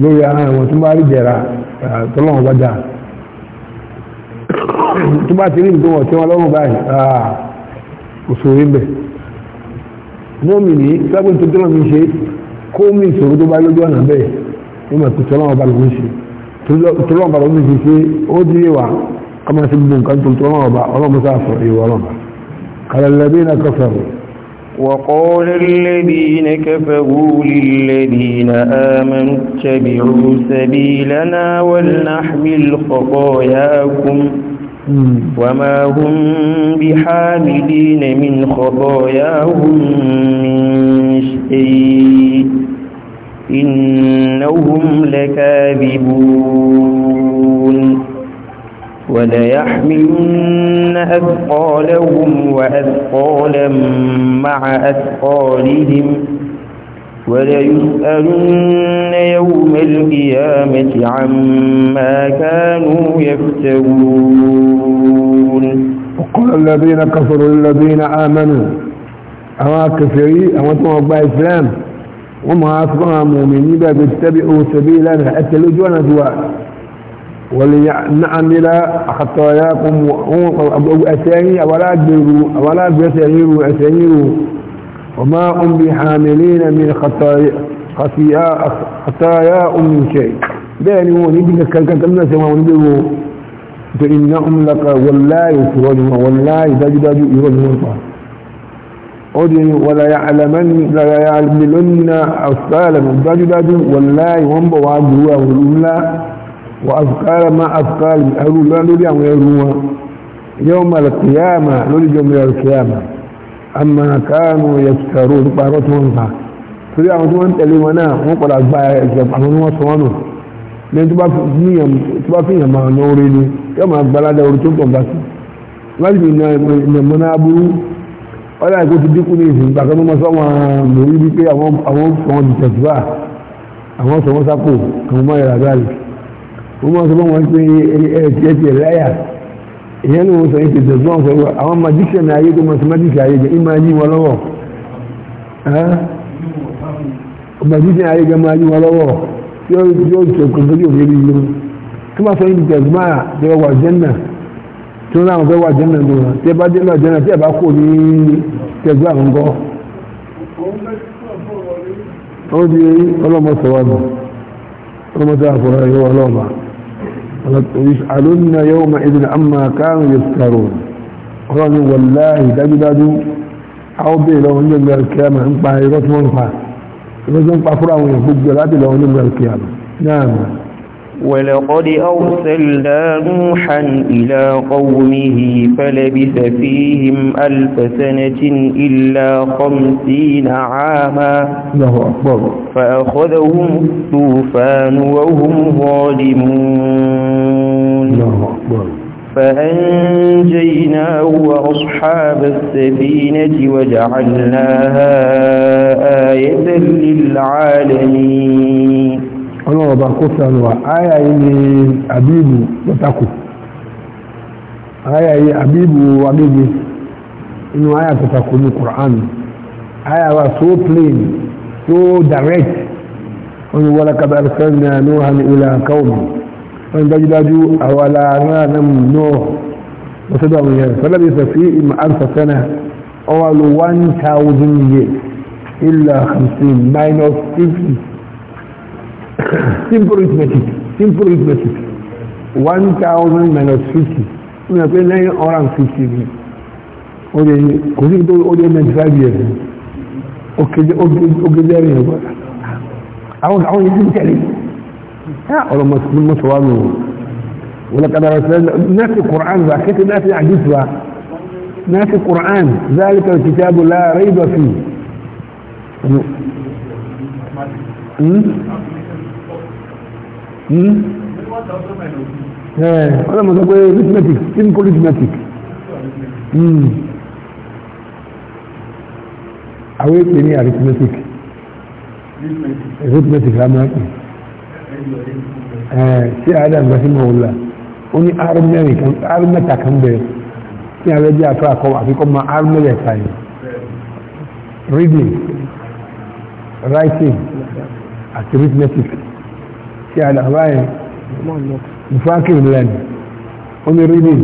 lórí ara ẹ̀wọ̀n tó bá rí jẹ̀ra tọ́lọ́wọ́n bá dáa tó bá ti rí nǹkan wọ̀ tí wọ́n lọ́rùn báyìí òṣèré ń bẹ̀ mọ́mì ní sábẹ́ tó tọ́lọ́ mi ṣe kó mi ìṣòro tó bá lójú ọ̀nà bẹ́ẹ̀ ó mọ̀ pé tọ́lọ́wọ́n bá lòún ṣe tọ́lọ́wọ́n bá ṣe ó di ìwà ọmọ sí gbogbo nǹkan tó tọ́lọ́wọ́n bá ọlọ́mọ sáà ìwà ọlọ́mọ وقال الذين كفروا للذين آمنوا اتبعوا سبيلنا ولنحمل خطاياكم وما هم بحاملين من خطاياهم من شيء إنهم لكاذبون وليحملن أثقالهم وأثقالا مع أثقالهم وليسألن يوم القيامة عما كانوا يفترون وقال الذين كفروا للذين آمنوا أما كفري أما تنبع إسلام وما أصبح مؤمنين بابتبعوا سبيلنا أتلجوا نجوى ولنعمل خطاياكم أساني ولا بسعير أسانير وما هم بحاملين من خطايا خطايا من شيء بيني ونبيك كان كان سما ونبيه فإنهم لك والله يسرون والله داج داج يرون أدري ولا يعلمن لا يعلمن أصالا داج داج والله هم بواجهوا والله وأفكار ما أفكار أرو لا نريد أن يروا يوم القيامة نريد يوم القيامة أما كانوا يفترون بارتهم فا torí àwọn tí wọ́n ń tẹ̀lé wọn náà wọ́n padà gba ẹ̀jẹ̀ àwọn ni wọ́n sọ wọn nù ní tó bá fi yàn máa ná orí ni yóò máa gbalada orí tó tàn bá sí láti fi na ìmọ̀ náà burú ọ̀dà ìkó ti dínkù ní ìsìn gbàgbọ́ mọ́ sọ wọn lórí wípé àwọn sọ wọn dìtẹ̀tùbà àwọn sọ wọn sápò wọ́n máa sọ bọ́ wọn pé ẹ̀ẹ́dì ẹ̀ẹ́dì ẹ̀láyà ìyẹn ní wọ́n sọ yìí tètè gbọ́n sọ wọ́n àwọn magician ní ayé tó mathematics wọn lọ́wọ́ magician ayé jẹ́ máa yí wọn lọ́wọ́ tí ó yóò tó kòtò yóò fi rí yóò tó máa sọ yìí tètè gbọ́n àti ọwọ́ àjẹ́nà tó náà يسألون يومئذ عما كانوا يذكرون قالوا والله دجدادوا أو به لو أنهم من الكيامة انطع يغطوا انطع يغطوا انطع فرعون يفجر هذه لو أنهم من الكيامة نعم ولقد أرسلنا نوحا إلى قومه فلبث فيهم ألف سنة إلا خمسين عاما الله أكبر فأخذهم الطوفان وهم ظالمون الله أكبر فأنجيناه وأصحاب السفينة وجعلناها آية ọba kó sànù wa àyà yìí ni abibu lọ́tàkù àyà yìí abibu agége inú àyà tọ́tàkù ní Qur'an àyà wa so plain so direct wọ́n ni wọ́n lakaba alisanna nuha ni ila kawmi wọ́n ni dájúdájú àwàlà náà nà mú nọ́ wọ́n sọ́dọ̀ àwọn yẹn sọ́dọ̀ bí sọ́sí ìmọ̀ àlùfàsánà ọwọ́ lu one thousand years illa hamsin minus fifty. simple arithmetic simple arithmetic one thousand minus fifty ó yẹ pé nine hundred and fifty ni ó lè kò sí tó ó lè ninety five years ó kéde ẹ̀rìn ẹ̀gbọ́n àwọn àwọn yìí ti tẹ̀lé ọ̀rọ̀ mọ̀sọ̀wá mi wọ́n lè kadàrà sẹ́lẹ̀ náà ti Qur'an wa kéde náà ti àdìsí wa náà ti Qur'an zálìkà kìtàbù la rayba fi. Hmm? Hmm? Eh, ọlọ́mọ sọ pé arithmetic simple arithmetic hmm. àwọn èpè ní arithmetic arithmetic lámàkì sí eh, adam rasimahullah ó ní armẹ́ta kan bẹ̀rẹ̀ tí a rẹ́jẹ́ àtọ́ àkọ́ àfikọ́ ma armẹ́lẹ̀ sáyẹ̀ reading writing àti arithmetic tí a dàgbà yẹn ìfákìrì lẹ́nu omi reading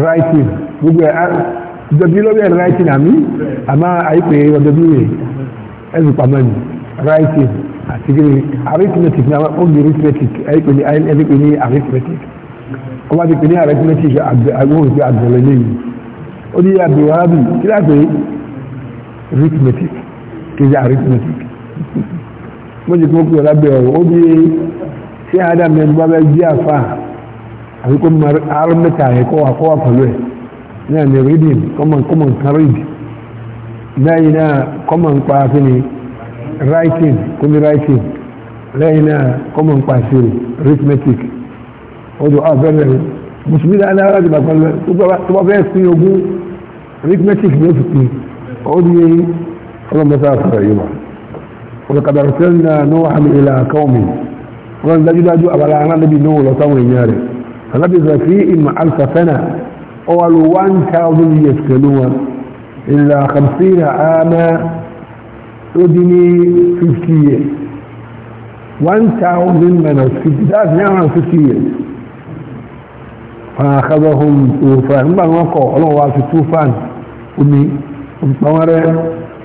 writing gbogbo ẹ̀ dọ̀bí lórí ẹ̀ writing àmì àmà àìpé ọ̀dọ̀bí rẹ̀ ẹ̀sùn pàmò ní writing àti gírí arithmetic ní àwọn omi arithmetic àìpé ní àìpé ní arithmetic ọba ti pè ní arithmetic agbóhùn sí àgbẹ̀rẹ̀ lẹ́yìn ó ní àbẹ̀wò arábì kí láti arithmetic kí ní arithmetic wọ́n jẹ́ kí wọ́n pè lábẹ́ ọ̀rọ̀ ó bí ṣé adam ẹni bá bẹ́ jí àfà àti kó arún mẹ́ta yẹn kọ́ àkọ́wà pẹ̀lú ẹ̀ náà ní reading common common can read lẹ́yìn náà common pa kí ni writing kó ní writing lẹ́yìn náà common pa ṣírò arithmetic ó dùn á bẹ́ẹ̀ rẹ̀ mùsùlùmí dáadáa ara ti bàbá rẹ̀ tó bá fẹ́ sin ogún arithmetic ló fi pin ó ní ọlọ́mọta àfọ̀rọ̀ yìí wà. ولقد ارسلنا نوحا الى قومه قال لا يجد اجو ابلا انا نبي نوح لو تاوي نياري فلبي ذكي اما الف سنه او ال 1000 years كلوا الا 50 عاما ودني 50 years 1000 من السكيت ذا يعني 50 years فاخذهم طوفان ما هو قول هو طوفان ومي ومطوره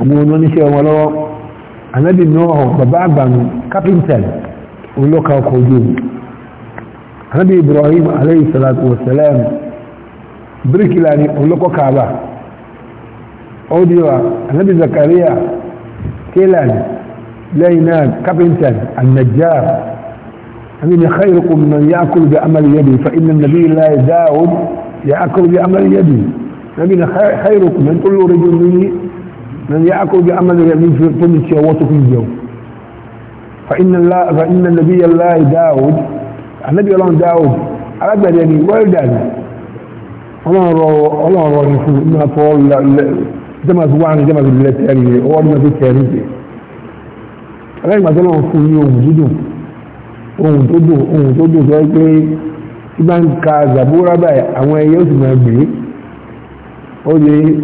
ọmọ wọn ní ṣe ọmọ lọ́wọ́ anábì náà bàbá àgbàmù kápẹ́ntẹ̀lì olóka ọkọ̀ ojú omi anábì Ibrahim alayhi salatu wa salam bíríkìlà ni olókọ̀ kaaba ọdíwà anábì Zakariya kílàní lẹ́yìn náà kápẹ́ntẹ̀lì annajjar أمين خيركم من يأكل بعمل يدي فإن النبي لا يداوم يأكل بعمل يدي أمين خيركم من كل رجل مني ya e agi aahi ọnwa chụk em a ụaghị aa nye eiaa a bua awehe a e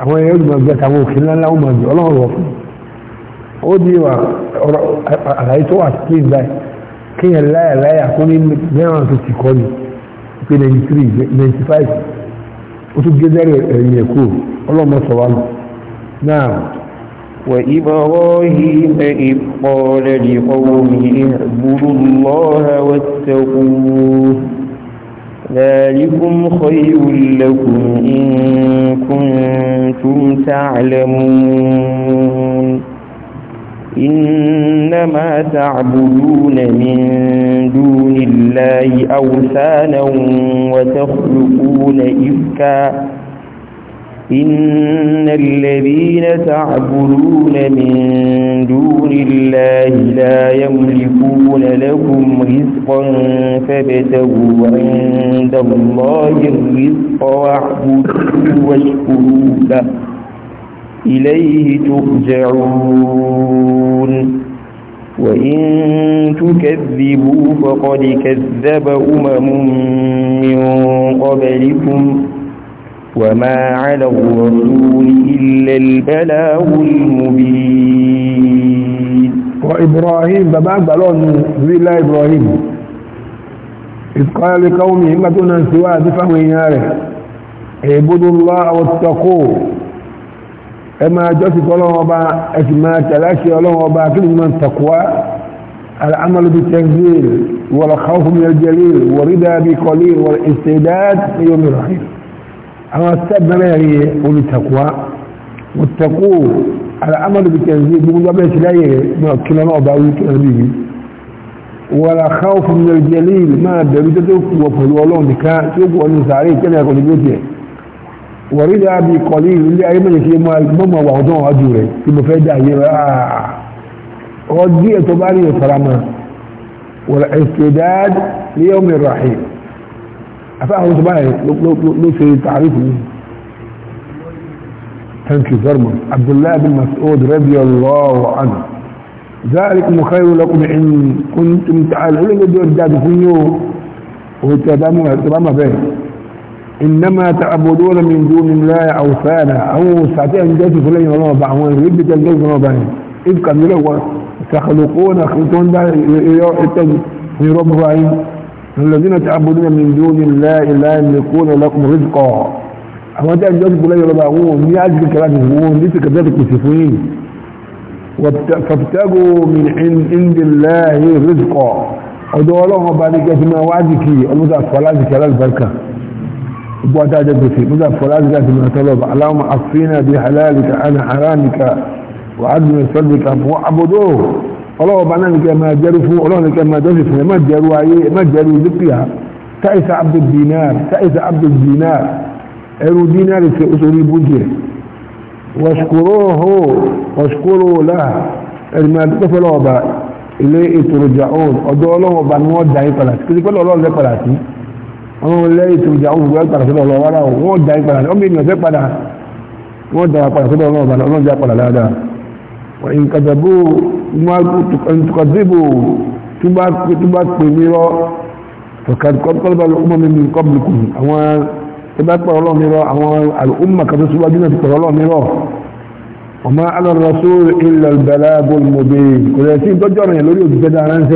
àwọn ẹ̀yẹ́ olùmọ̀ gbé àtàwọn òkè ńlá ńlá ọmọ àgbẹ̀ ọlọ́run rọ̀ fún ó di wà ọ̀rọ̀ àlàyé tó wà sí báyìí kéèyàn láyà láyà kó ní mẹ́rán tó ti kọ́ ni pé ninety three ninety five ó tún gé dẹ́rẹ̀ ẹ̀yìn ẹ̀kọ́ ọlọ́mọ sọ wa lọ náà. وإبراهيم إذ قال لقومه اعبدوا الله واتقوه ذلكم خير لكم إن كنتم تعلمون إنما تعبدون من دون الله أوثانا وتخلقون إفكا إن الذين تعبدون من دون الله لا يملكون لكم رزقا فابتغوا عند الله الرزق واعبدوه واشكروا له إليه ترجعون وإن تكذبوا فقد كذب أمم من قبلكم وما على الرسول إلا البلاغ المبين وإبراهيم بابا قالون ذي إبراهيم إذ قال لقومه ما دون سواه دفعوا يناره اعبدوا الله واتقوه أما جسد الله وبا أجمع تلاشي الله وبا كل من تقوى العمل بالتنزيل والخوف من الجليل ورضا بقليل والاستعداد ليوم الرحيم أما استبنا يعني قول التقوى والتقوى على العمل بالتنزيل يقول الله بيش لا يكلنا أباوي كأنبيه ولا خوف من الجليل ما درجته وفلو الله نكا يقول أنه سعريه كان يقول بيوته ورضا بقليل اللي أيما يكي ما يكمم وعضوه أجوري كما فايدة يرى رجية آه. تبالي الفرامة والاستداد ليوم الرحيم لو لو في تعريف ايه ثانك يو فيري ماتش عبد الله بن مسعود رضي الله عنه ذلكم خير لكم إن كنتم تعالوا لن يدور فيو فيه وتباموا به إنما تعبدون من دون الله أوثانا أو ساعتين جاتي فلين الله بعوان رب جلدوا الله بعين إذ كان لو تخلقون خلطون ده يتن في رب بعين الذين تعبدون من دون الله لا يكون لكم رزقا أما يجب لي ربعون مي أجل كلام يجبون ليس كذلك مسيفين فابتغوا من عند الله رزقا أدعو لهم بعدك ما وعدك المزع فلازك على البركة فيه أجلتك المزع فلازك ما طلب اللهم عصينا بحلالك عن حرامك وعدنا سلبك وعبدوه ọlọ́wọ́ bá náà ní máa jẹ́rú fún ọlọ́wọ́ ní kẹ́ máa jẹ́rú fún ẹ jẹ́rú ayé ẹ jẹ́rú dúkìá táìsà abdul dinar táìsà abdul dinar ẹrú dinar ṣe oṣooṣi bújì rẹ̀ wàṣkúrò hó wàṣkúrò láà ẹ̀rìmọ̀ àdúgbò ọlọ́wọ́ bá ilé ìtòròjà òun ọ̀dọ́ ọlọ́wọ́ bá ní wọ́n dá yín kí ọlọ́wọ́ lẹ́ tukadibu tuba tuba piniro fakad qalba al umam min qablikum àwọn tuba pa Ọlọ́run niro àwọn al umma kan tuba dina ti pa Ọlọ́run niro وما على الرسول الا البلاغ المبين kò lè sí dojo ran lórí ojú da ran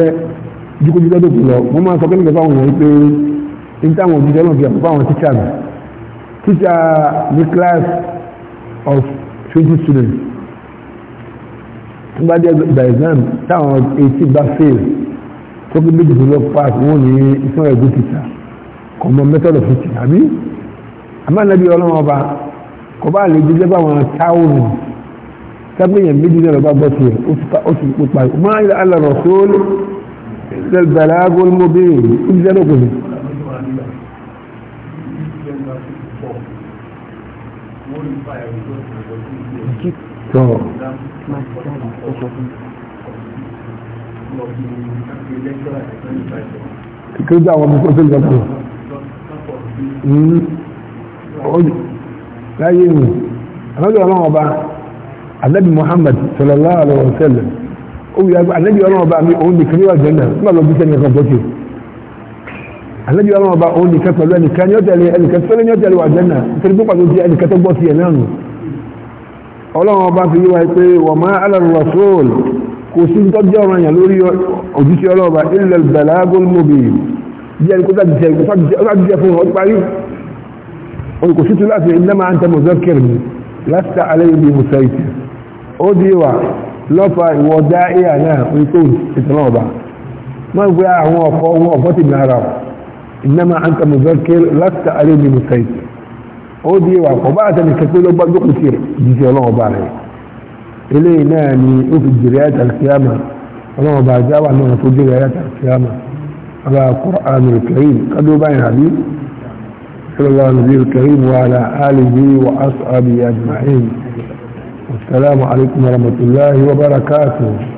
20 students tó bá dé gba exam táwọn etí bá fail tó kí méjì tó lọ pass wọn ní iṣẹ́ ẹ̀gbọ́n títà kò mọ method of teaching àbí àmọ́ nàbí ọlọ́wọ́n ọba kò bá lè jíjẹ́ bá wọn táwọn sábẹ́yẹn méjì náà lọ́ba gbọ́ tiẹ̀ ó sì pupa máa yẹ alọ̀rọ̀ sóòlù ìṣẹ̀lẹ̀ agolmobìnrin ìṣẹ̀lẹ̀ lókùnrin. tọ́ máa ti dáàbò ó sọ fún mi. kéde àwọn ọmọ tó lọ pọ̀ láyé mi àlọ́jọ́ ọlọ́run ọba anabi muhammad sallallahu alaihi wa sallam ó wí agbá anabi ọlọ́run ọba mi òun nìkan yóò jẹ́ náà nígbà lọ́dún sẹ́ni ẹ̀kan bọ́tì anabi ọlọ́run ọba òun nìkan pẹ̀lú ẹnìkan yóò tẹ̀lé ẹnìkan tó lé yóò tẹ̀lé wà jẹ́ náà nítorí pípa tó di ẹnìkan tó bọ́tì ẹ̀ náà nù. ọlọ́run ọba fi yíwa pé wọ́n máa alàrùwà sóòlù kò sí tọ́jú ọ̀rọ̀ yẹn lórí òjúṣẹ́ ọlọ́ọ̀bá ilẹ̀ bẹ̀lágún mobì bí ẹni kó sáàjíṣẹ́ fún ọdún parí o kò sí tún láti iná máa ń tẹ mọ̀sọ́kẹ̀rì ní láti aléyìn bí mùsáìtì ó di wà lọ́fà ìwọ̀ dá náà ń tó ìtàn ọba máa ń gbé àwọn ọ̀fọ́ ọ̀fọ́ ti nára iná máa ń tẹ mọ̀sọ́kẹ̀rì láti aléyìn bí mùsáìtì ó di ìwà kọ̀ bá àtẹnìkẹ́ pé ló gbájú kò sí jíjẹ́ ọlọ́run ọba rẹ̀ eléyìí náà ni ó fi jèrè ayat alkiyama ọlọ́run ọba àjáwà náà tó jèrè ayat alkiyama ọba qur'an alkarim kádó báyìí àbí sallallahu alaihi alkarim wa ala alihi wa ashabi ajma'in والسلام عليكم ورحمة الله وبركاته